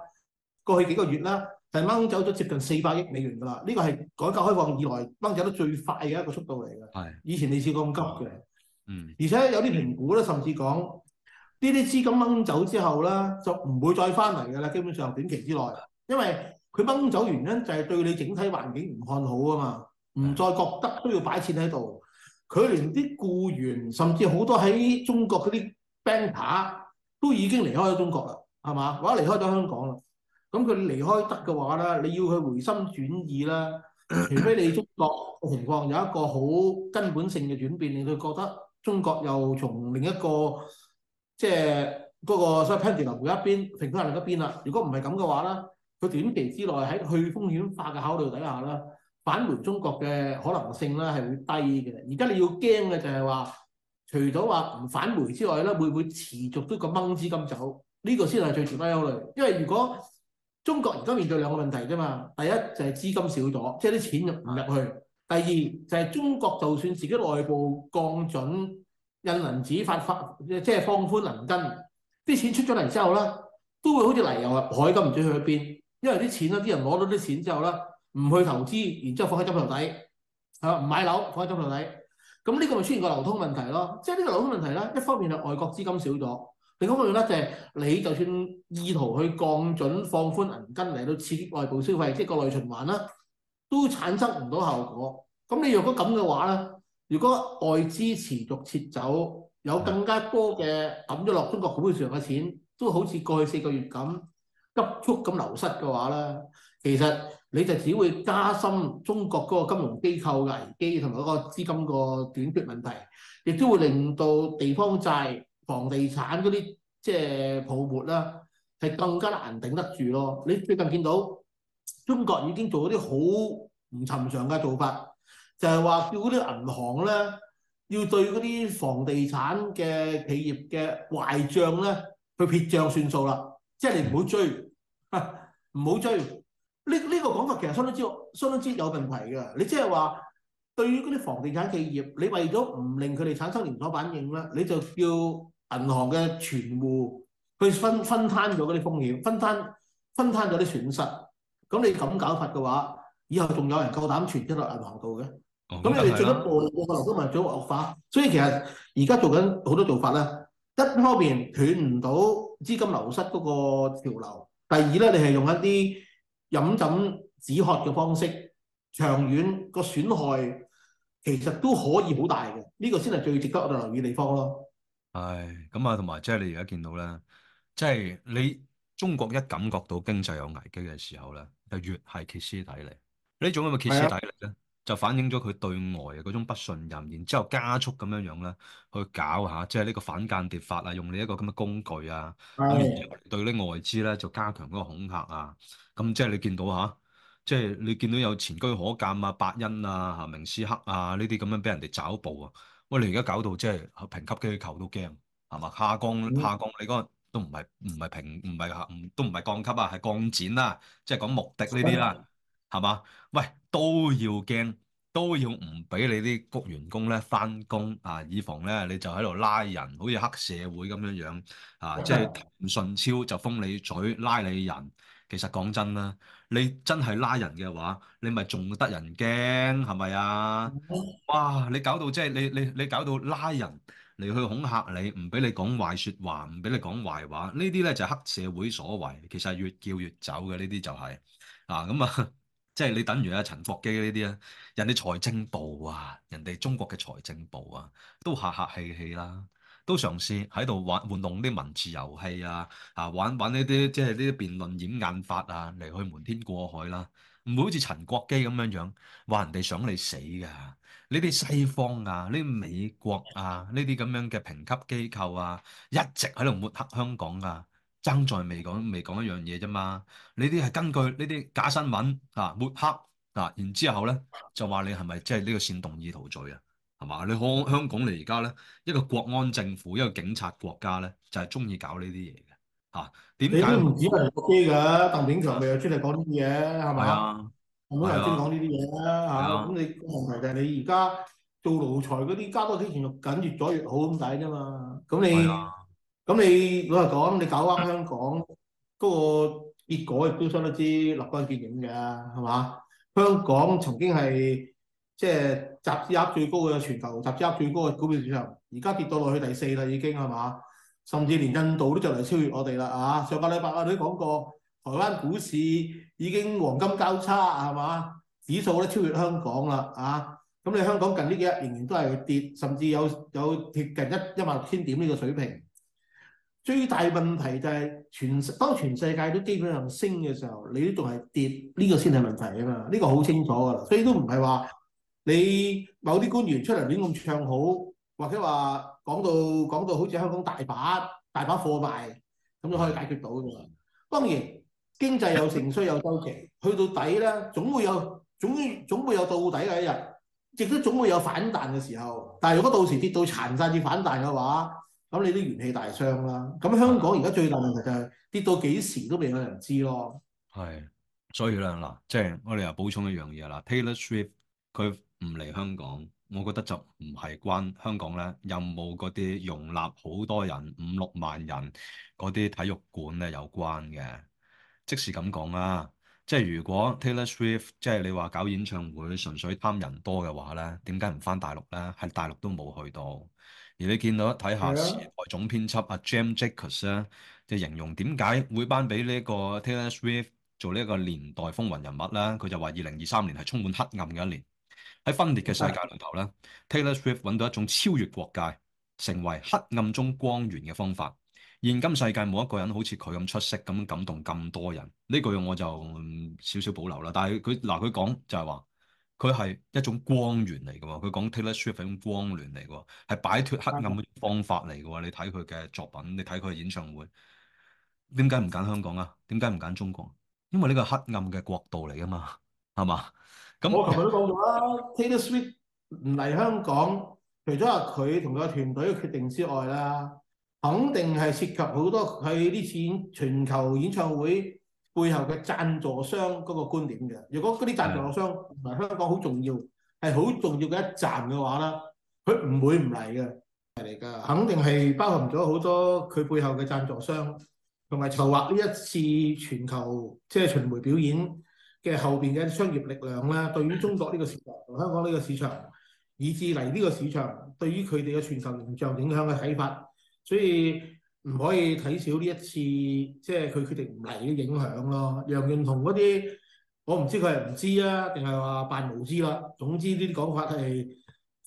Speaker 2: 過去幾個月啦，係掹走咗接近四百億美元㗎啦，呢個係改革開放以來掹走得最快嘅一個速度嚟嘅。係，是的 以前你試過咁急嘅。嗯。而且有啲評估咧、啊，甚至講。呢啲資金掹走之後咧，就唔會再翻嚟嘅啦。基本上短期之內，因為佢掹走原因就係對你整體環境唔看好啊嘛，唔再覺得都要擺錢喺度。佢連啲僱員，甚至好多喺中國嗰啲 banker 都已經離開咗中國啦，係嘛？或者離開咗香港啦。咁佢離開得嘅話咧，你要佢回心轉意咧，除非你中國嘅情況有一個好根本性嘅轉變，令佢覺得中國又從另一個。即係嗰個所謂 Pending 流入一邊，平均下來一邊啦。如果唔係咁嘅話咧，佢短期之內喺去風險化嘅考慮底下咧，返回中國嘅可能性咧係會低嘅。而家你要驚嘅就係話，除咗話唔返回之外咧，會唔會持續都咁掹資金走？呢、這個先係最值得憂慮。因為如果中國而家面對兩個問題啫嘛，第一就係資金少咗，即係啲錢唔入去；第二就係中國就算自己內部降準。印銀紙發發，即係放寬銀根，啲錢出咗嚟之後咧，都會好似泥牛入海咁，唔知去咗邊。因為啲錢咧，啲人攞到啲錢之後咧，唔去投資，然之後放喺枕頭底，係嘛？唔買樓，放喺枕頭底。咁呢個咪出現個流通問題咯。即係呢個流通問題咧，一方面係外國資金少咗，另一方面咧就係你就算意圖去降準、放寬銀根嚟到刺激外部消費，即係國內循環啦，都產生唔到效果。咁你若果咁嘅話咧？如果外資持續撤走，有更加多嘅抌咗落中國股市上嘅錢，都好似過去四個月咁急速咁流失嘅話咧，其實你就只會加深中國嗰個金融機構嘅危機同埋嗰個資金個短缺問題，亦都會令到地方債、房地產嗰啲即係泡沫啦，係更加難頂得住咯。你最近見到中國已經做咗啲好唔尋常嘅做法。就係話叫嗰啲銀行咧，要對嗰啲房地產嘅企業嘅壞賬咧，去撇賬算數啦。即係你唔好追，唔好追。呢、呢、呢個講法其實相當之，相當之有問題㗎。你即係話對於嗰啲房地產企業，你為咗唔令佢哋產生連鎖反應咧，你就叫銀行嘅存戶去分分攤咗嗰啲風險，分攤分攤咗啲損失。咁你咁搞法嘅話，以後仲有人夠膽存一個銀行度嘅？咁你哋進一步個流通問題仲惡化，所以其實而家做緊好多做法咧。一方面斷唔到資金流失嗰個潮流，第二咧，你係用一啲飲鴆止渴嘅方式，長遠個損害其實都可以好大嘅。呢、這個先係最值得我哋留意地方咯。
Speaker 1: 係咁啊，同埋即係你而家見到咧，即、就、係、是、你中國一感覺到經濟有危機嘅時候咧，就越係歇斯底里。呢種係咪歇斯底里咧？就反映咗佢對外嘅嗰種不信任，然之後加速咁樣樣咧，去搞下、啊，即係呢個反間諜法啊，用你一個咁嘅工具的啊，咁然後對呢外資咧就加強嗰個恐嚇啊，咁即係你見到吓，即係你見到有前居可鑑啊、伯恩啊、哈明斯克啊呢啲咁樣俾人哋找布啊，喂、啊、你而家搞到即係評級機構都驚係嘛？下降、嗯、下降，你嗰個都唔係唔係評唔係吓，都唔係降級啊，係降展啦，即係講目的呢啲啦。係嘛？喂，都要驚，都要唔俾你啲谷員工咧翻工啊，以防咧你就喺度拉人，好似黑社會咁樣樣啊！即係唔順超就封你嘴，拉你人。其實講真啦，你真係拉人嘅話，你咪仲得人驚係咪啊？哇！你搞到即係、就是、你你你搞到拉人嚟去恐嚇你，唔俾你講壞說話，唔俾你講壞話，呢啲咧就係、是、黑社會所為。其實越叫越走嘅呢啲就係啊咁啊！即係你等於啊陳國基呢啲啊，人哋財政部啊，人哋中國嘅財政部啊，都客客氣氣啦，都嘗試喺度玩玩弄啲文字遊戲啊，啊玩玩呢啲即係呢啲辯論掩眼法啊，嚟去瞞天過海啦，唔會好似陳國基咁樣樣話人哋想你死㗎，呢啲西方啊，呢啲美國啊，呢啲咁樣嘅評級機構啊，一直喺度抹黑香港㗎，啊。爭在未講未講一樣嘢啫嘛，呢啲係根據呢啲假新聞啊，抹黑啊，然之後咧就話你係咪即係呢個煽動意圖罪啊？係嘛？你香香港你而家咧一個國安政府一個警察國家咧就係中意搞呢啲嘢嘅嚇。點解？只係國機嘅鄧炳強
Speaker 2: 咪又出嚟講呢啲嘢係咪？係咪又專講呢啲嘢嚇？咁你唔係嘅，你而家做奴才嗰啲加多啲錢肉緊越咗越好咁解啫嘛？咁你。咁你老實講，你搞啱香港嗰個結果，亦都相當之立竿見影嘅，係嘛？香港曾經係即係集資額最高嘅全球集資額最高嘅股票市場，而家跌到落去第四啦，已經係嘛？甚至連印度都就嚟超越我哋啦啊！上個禮拜我哋都講過，台灣股市已經黃金交叉係嘛？指數都超越香港啦啊！咁你香港近呢幾日仍然都係跌，甚至有有跌近一一萬六千點呢個水平。最大問題就係、是、全當全世界都基本上升嘅時候，你都仲係跌，呢、這個先係問題啊嘛！呢、這個好清楚㗎啦，所以都唔係話你某啲官員出嚟亂咁唱好，或者話講到講到好似香港大把大把貨賣，咁就可以解決到㗎喇。當然經濟有盛衰有周期，去到底咧總會有總總會有到底嘅一日，亦都總會有反彈嘅時候。但係如果到時跌到殘晒至反彈嘅話，咁你啲元氣大傷啦！
Speaker 1: 咁香港而家最大問題就係跌到幾時都未有人知咯。係，所以啦嗱，即係我哋又補充一樣嘢啦。Taylor Swift 佢唔嚟香港，我覺得就唔係關香港咧有冇嗰啲容納好多人五六萬人嗰啲體育館咧有關嘅。即使咁講啦，即係如果 Taylor Swift 即係你話搞演唱會純粹貪人多嘅話咧，點解唔返大陸咧？喺大陸都冇去到。而你見到睇下時代總編輯阿 James Jacobs 咧，就形容點解會頒俾呢一個 Taylor Swift 做呢一個年代風雲人物咧？佢就話：二零二三年係充滿黑暗嘅一年，喺分裂嘅世界裡頭咧的，Taylor Swift 揾到一種超越國界，成為黑暗中光源嘅方法。現今世界冇一個人好似佢咁出色咁感動咁多人。呢句我就、嗯、少少保留啦。但係佢嗱佢講就係話。佢係一種光源嚟嘅喎，佢講 Taylor Swift 係一種光源嚟嘅喎，係擺脱黑暗嘅方法嚟嘅喎。你睇佢嘅作品，你睇佢嘅演唱會，點解唔揀香港啊？點解唔揀中國？因為呢個黑暗嘅國度嚟啊嘛，係嘛？
Speaker 2: 咁、嗯、我琴日都講咗啦，Taylor Swift 唔嚟香港，除咗話佢同佢個團隊決定之外啦，肯定係涉及好多佢呢次全球演唱會。背後嘅贊助商嗰個觀點嘅，如果嗰啲贊助商同埋香港好重要，係好重要嘅一站嘅話啦，佢唔會唔嚟嘅係嚟㗎，肯定係包含咗好多佢背後嘅贊助商同埋籌劃呢一次全球即係傳媒表演嘅後邊嘅商業力量啦，對於中國呢個市場同香港呢個市場，以至嚟呢個市場對於佢哋嘅全球形象影響嘅睇法，所以。唔可以睇少呢一次，即係佢決定唔嚟嘅影響咯。楊潤雄嗰啲，我唔知佢係唔知啊，定係話扮無知啦。總之呢啲講法係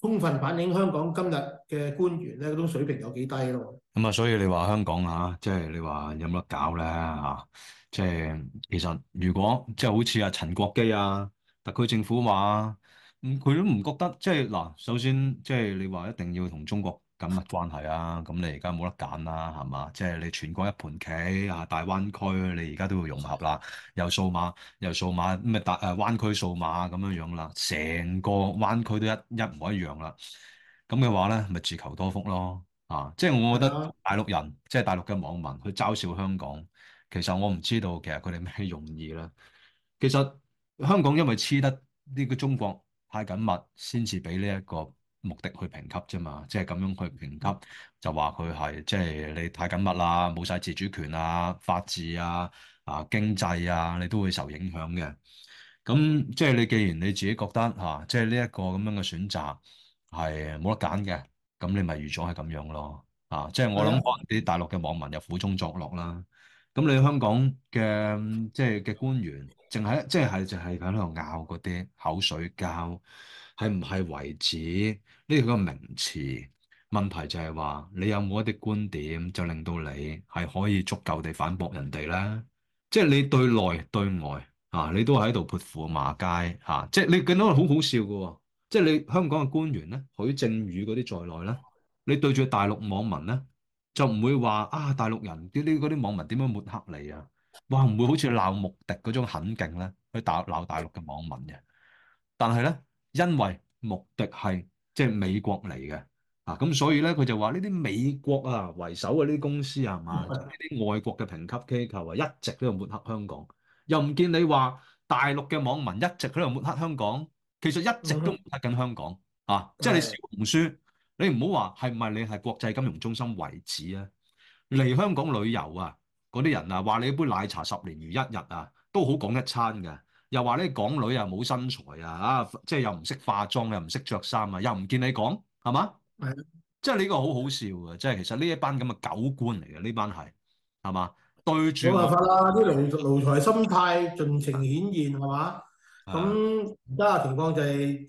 Speaker 2: 充分反映香港今日嘅官員咧嗰種水平有幾低咯。
Speaker 1: 咁啊、嗯，所以你話香港嚇，即、啊、係、就是、你話有乜搞咧嚇？即係、嗯就是、其實如果即係、就是、好似阿陳國基啊，特區政府話咁，佢都唔覺得即係嗱，首先即係、就是、你話一定要同中國。緊密關係啊，咁你而家冇得揀啦，係嘛？即係你全國一盤棋啊，大灣區你而家都要融合啦，又數碼又數碼咩大誒灣區數碼咁樣樣啦，成個灣區都一一模一樣啦。咁嘅話咧，咪自求多福咯啊！即係我覺得大陸人即係大陸嘅網民去嘲笑香港，其實我唔知道其實佢哋咩用意啦。其實香港因為黐得呢個中國太緊密，先至俾呢一個目的去評級啫嘛，即係咁樣去評級就話佢係即係你太緊密啦，冇晒自主權啊、法治啊、啊經濟啊，你都會受影響嘅。咁即係你既然你自己覺得嚇，即係呢一個咁樣嘅選擇係冇得揀嘅，咁你咪預咗係咁樣咯。啊，即係、啊、我諗可能啲大陸嘅網民又苦中作樂啦。咁你香港嘅即係嘅官員，淨係即係係就係喺度咬嗰啲口水膠。係唔係為止？呢個名詞問題就係話你有冇一啲觀點就令到你係可以足夠地反駁人哋啦？即係你對內對外嚇、啊，你都喺度潑婦罵街嚇。即係你見到好好笑嘅、哦，即係你香港嘅官員咧，許正宇嗰啲在內咧，你對住大陸網民咧，就唔會話啊大陸人啲啲嗰啲網民點樣抹黑你啊？哇！唔會好似鬧穆迪嗰種狠勁咧去打鬧大陸嘅網民嘅。但係咧。因為目的係即係美國嚟嘅，啊咁所以咧佢就話呢啲美國啊為首嘅呢啲公司係嘛，呢啲的外國嘅評級機構啊一直喺度抹黑香港，又唔見你話大陸嘅網民一直喺度抹黑香港，其實一直都抹緊香港的啊，即係你小紅書，你唔好話係唔係你係國際金融中心為止啊，嚟香港旅遊啊嗰啲人啊話你一杯奶茶十年如一日啊，都好講一餐㗎。又話呢港女又冇身材啊，啊即係又唔識化妝，又唔識着衫啊，又唔見你講，係嘛？係即係呢個好好笑啊！即係其實呢一班咁嘅狗官嚟嘅呢班係，係嘛？
Speaker 2: 對住冇辦法啦，啲奴奴才心態盡情顯現係嘛？咁而家嘅情況就係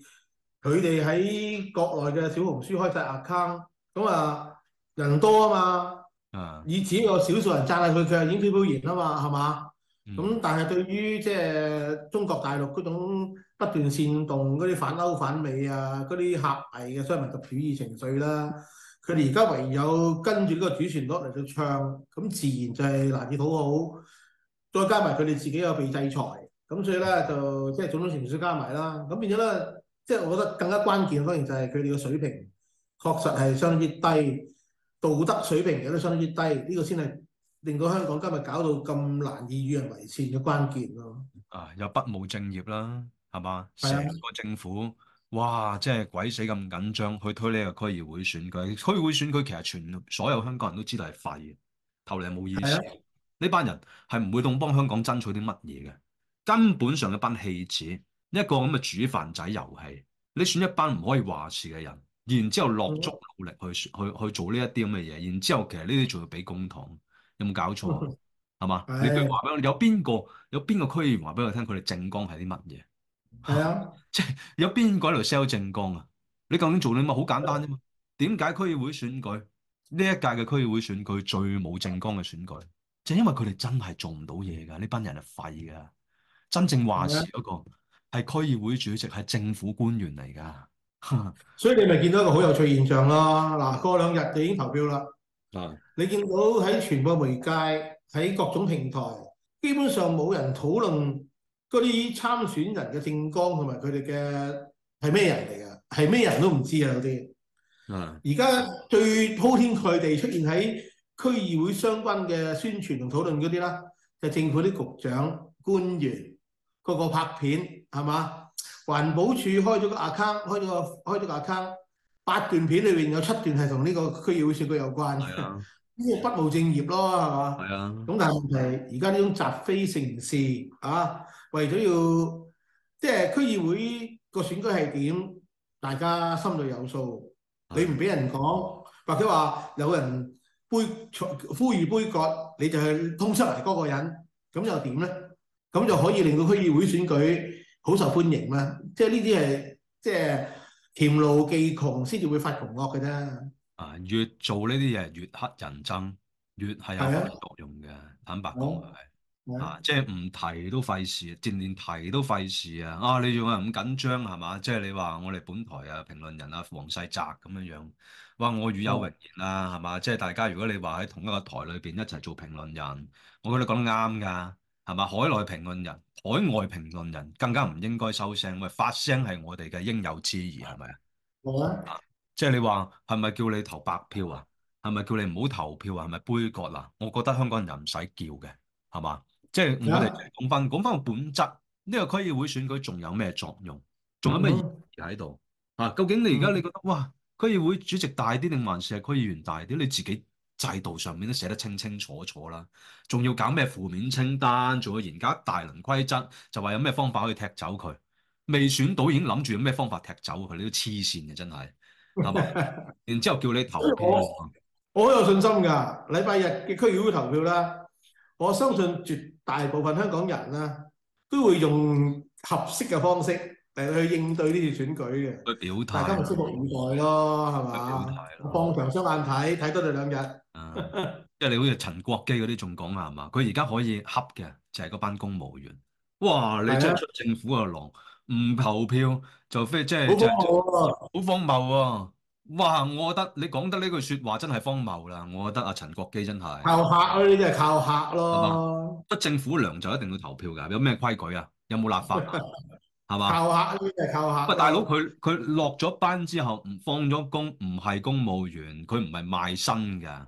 Speaker 2: 佢哋喺國內嘅小紅書開晒 account，咁啊人多啊嘛，啊！你只有少數人讚下佢，佢就已經飄飄然啊嘛，係嘛？咁但係對於即係中國大陸嗰種不斷煽動嗰啲反歐反美啊嗰啲狹隘嘅雙民族主義情緒啦，佢哋而家唯有跟住呢個主旋律嚟到唱，咁自然就係難以討好。再加埋佢哋自己有被制裁，咁所以咧就即係種種情緒加埋啦。咁變咗咧，即、就、係、是、我覺得更加關鍵，方面就係佢哋嘅水平確實係相當之低，道德水平亦都相當之低，呢、呢個先係。令
Speaker 1: 到香港今日搞到咁難以與人維持嘅關鍵咯、啊。啊，又不務正業啦，係嘛？成、啊、個政府哇，即係鬼死咁緊張去推呢個區議會選舉。區議會選舉其實全所有香港人都知道係廢，頭嚟冇意思。呢班、啊、人係唔會凍幫香港爭取啲乜嘢嘅，根本上一班戲子一個咁嘅煮飯仔遊戲。你選一班唔可以話事嘅人，然之後落足努力去、嗯、去去，去做呢一啲咁嘅嘢，然之後其實呢啲仲要俾公帑。有冇搞錯啊？係嘛 吧？你句話俾我，有邊個有邊個區議員話俾我聽，佢哋 政綱係啲乜嘢？係啊，即係有邊個喺度 sell 政綱啊？你究竟做啲乜？好簡單啫嘛？點解區議會選舉呢一屆嘅區議會選舉最冇政綱嘅選舉？就因為佢哋真係做唔到嘢噶，呢班人係廢噶。真正話事嗰、嗰個係區 議會主席，係政府官員嚟噶。
Speaker 2: 所以你咪見到一個好有趣現象咯。嗱，過兩日就已經投票啦。你見到喺全部媒介、喺各種平台，基本上冇人討論嗰啲參選人嘅政綱同埋佢哋嘅係咩人嚟㗎？係咩人都唔知啊！嗰啲而家最鋪天蓋地出現喺區議會相關嘅宣傳同討論嗰啲啦，就政府啲局長、官員嗰個個拍片係嘛？環保署開咗個 account，開咗個開咗個 account。八段片裏邊有七段係同呢個區議會選舉有關嘅，呢個、啊、 不務正業咯，係嘛？係啊。咁但係問題，而家呢種習非成是，啊，為咗要即係區議會個選舉係點，大家心裏有數，啊、你唔俾人講，或者話有人杯呼籲杯葛，你就去通緝嚟嗰個人，咁又點咧？咁就可以令到區議會選舉好受歡迎啦。即係呢啲係即係。甜路技窮，先至會發窮
Speaker 1: 惡嘅啫。啊，越做呢啲嘢，越乞人憎，越係有副作用嘅。的坦白講係、就是、的啊，即係唔提都費事，連連提都費事啊！啊，你仲有咁緊張，係嘛？即係你話我哋本台評論啊，評論人啊，黃世澤咁樣樣，哇！我與有榮言啦，係嘛？即係大家如果你話喺同一個台裏邊一齊做評論人，我覺得你講得啱噶。係嘛？海內評論人、海外評論人更加唔應該收聲，喂！發聲係我哋嘅應有之義，係咪 啊？
Speaker 2: 我即
Speaker 1: 係你話係咪叫你投白票啊？係咪叫你唔好投票啊？係咪杯葛嗱？我覺得香港人唔使叫嘅，係嘛？即係 吧我哋講翻講翻個本質，呢個區議會選舉仲有咩作用？仲有咩意義喺度 啊？究竟你而家你覺得哇？區議會主席大啲定還是係區議員大啲？你自己？制度上面都寫得清清楚楚啦，仲要搞咩負面清單，仲要研究大輪規則，就話有咩方法可以踢走佢。未選到已經諗住有咩方法踢走佢，你都黐線嘅真係，係嘛？ 然之後叫你投票，
Speaker 2: 我好有信心㗎。禮拜日嘅區議會投票啦，我相信絕大部分香港人啦，都會用合適嘅方式。嚟去應對
Speaker 1: 呢次選舉嘅，去但係今
Speaker 2: 日先冇預待咯，係嘛、啊？吧放長雙眼睇，睇多
Speaker 1: 兩、嗯、 你兩日。即係你好似陳國基嗰啲仲講啊，係嘛？佢而家可以恰嘅就係、是、嗰班公務員。哇！你將出政府嘅糧，唔投票就非即係好，好、啊、荒謬、啊，喎！哇！我覺得你講得呢句説話真係荒謬啦、啊！我覺得阿陳國基真係
Speaker 2: 靠客啊！呢啲係靠客咯。
Speaker 1: 得政府糧就一定要投票㗎？有咩規矩啊？有冇立法？ 係嘛？靠下，
Speaker 2: 靠下。喂，大佬，佢
Speaker 1: 佢落咗班之後，唔放咗工，唔係公務員，佢唔係賣身噶。
Speaker 2: 的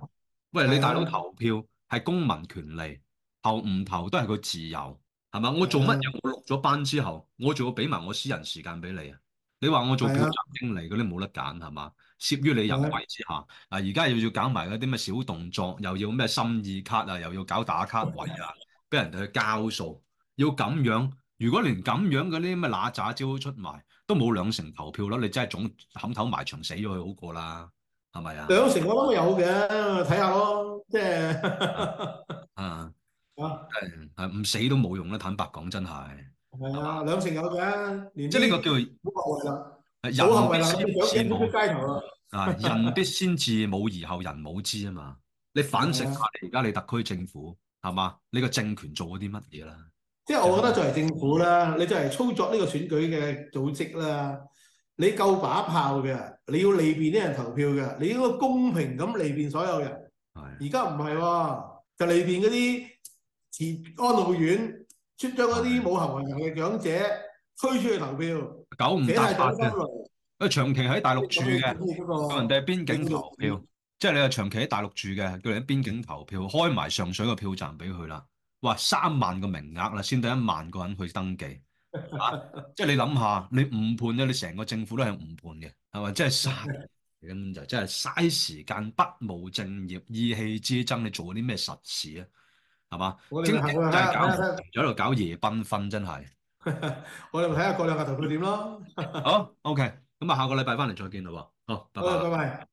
Speaker 2: 喂，你大佬投
Speaker 1: 票係公民權利，投唔投都係佢自由，係嘛？我做乜嘢？的我落咗班之後，我仲要俾埋我私人時間俾你啊？你話我做票站經理嗰啲冇得揀，係嘛？懾於你職位之下，啊的，而家又要搞埋嗰啲咩小動作，又要咩心意卡啊，又要搞打卡位啊，俾的人哋去交數，要咁樣。如果連咁樣嗰啲咩嘅乸渣招都出埋，都冇兩成投票率，你真係總肯頭埋牆死咗佢好過啦，係咪、就是、 啊？兩
Speaker 2: 成我諗有嘅，睇下咯，
Speaker 1: 即係啊啊，係唔死都冇用啦，坦白講真係。係
Speaker 2: 啊，兩成
Speaker 1: 有嘅，即係呢個叫冇學位啦，冇學位啦，有幾多
Speaker 2: 出街頭啊？人必
Speaker 1: 先至冇，而後人冇知啊嘛，你反省下而家你特區政府係嘛？吧你個政權做咗啲乜嘢啦？
Speaker 2: 即係我覺得作為政府啦，你就係操作呢個選舉嘅組織啦，你夠把炮嘅，你要利便啲人投票嘅，你應該公平咁利便所有人。係。而家唔係喎，就利便嗰啲安老院出咗嗰啲冇行為人嘅長者推出去投票，
Speaker 1: 九唔搭八嘅。佢長期喺大陸住嘅，叫人哋喺邊境投票，境嗯、即係你係長期喺大陸住嘅，叫你喺邊境投票，開埋上水嘅票站俾佢啦。話三萬個名額啦，先得一萬個人去登記，啊、即係你諗下，你誤判咗，你成個政府都係誤判嘅，係咪？即係根本就真係嘥時間，不務正業，意氣之爭，你做啲咩實事啊？係嘛？
Speaker 2: 即係喺度搞，
Speaker 1: 喺度搞夜繽紛，真係。
Speaker 2: 我哋睇下過兩日投票點咯。好
Speaker 1: ，OK。咁啊，下個禮拜翻嚟再見啦。好，拜
Speaker 2: 拜。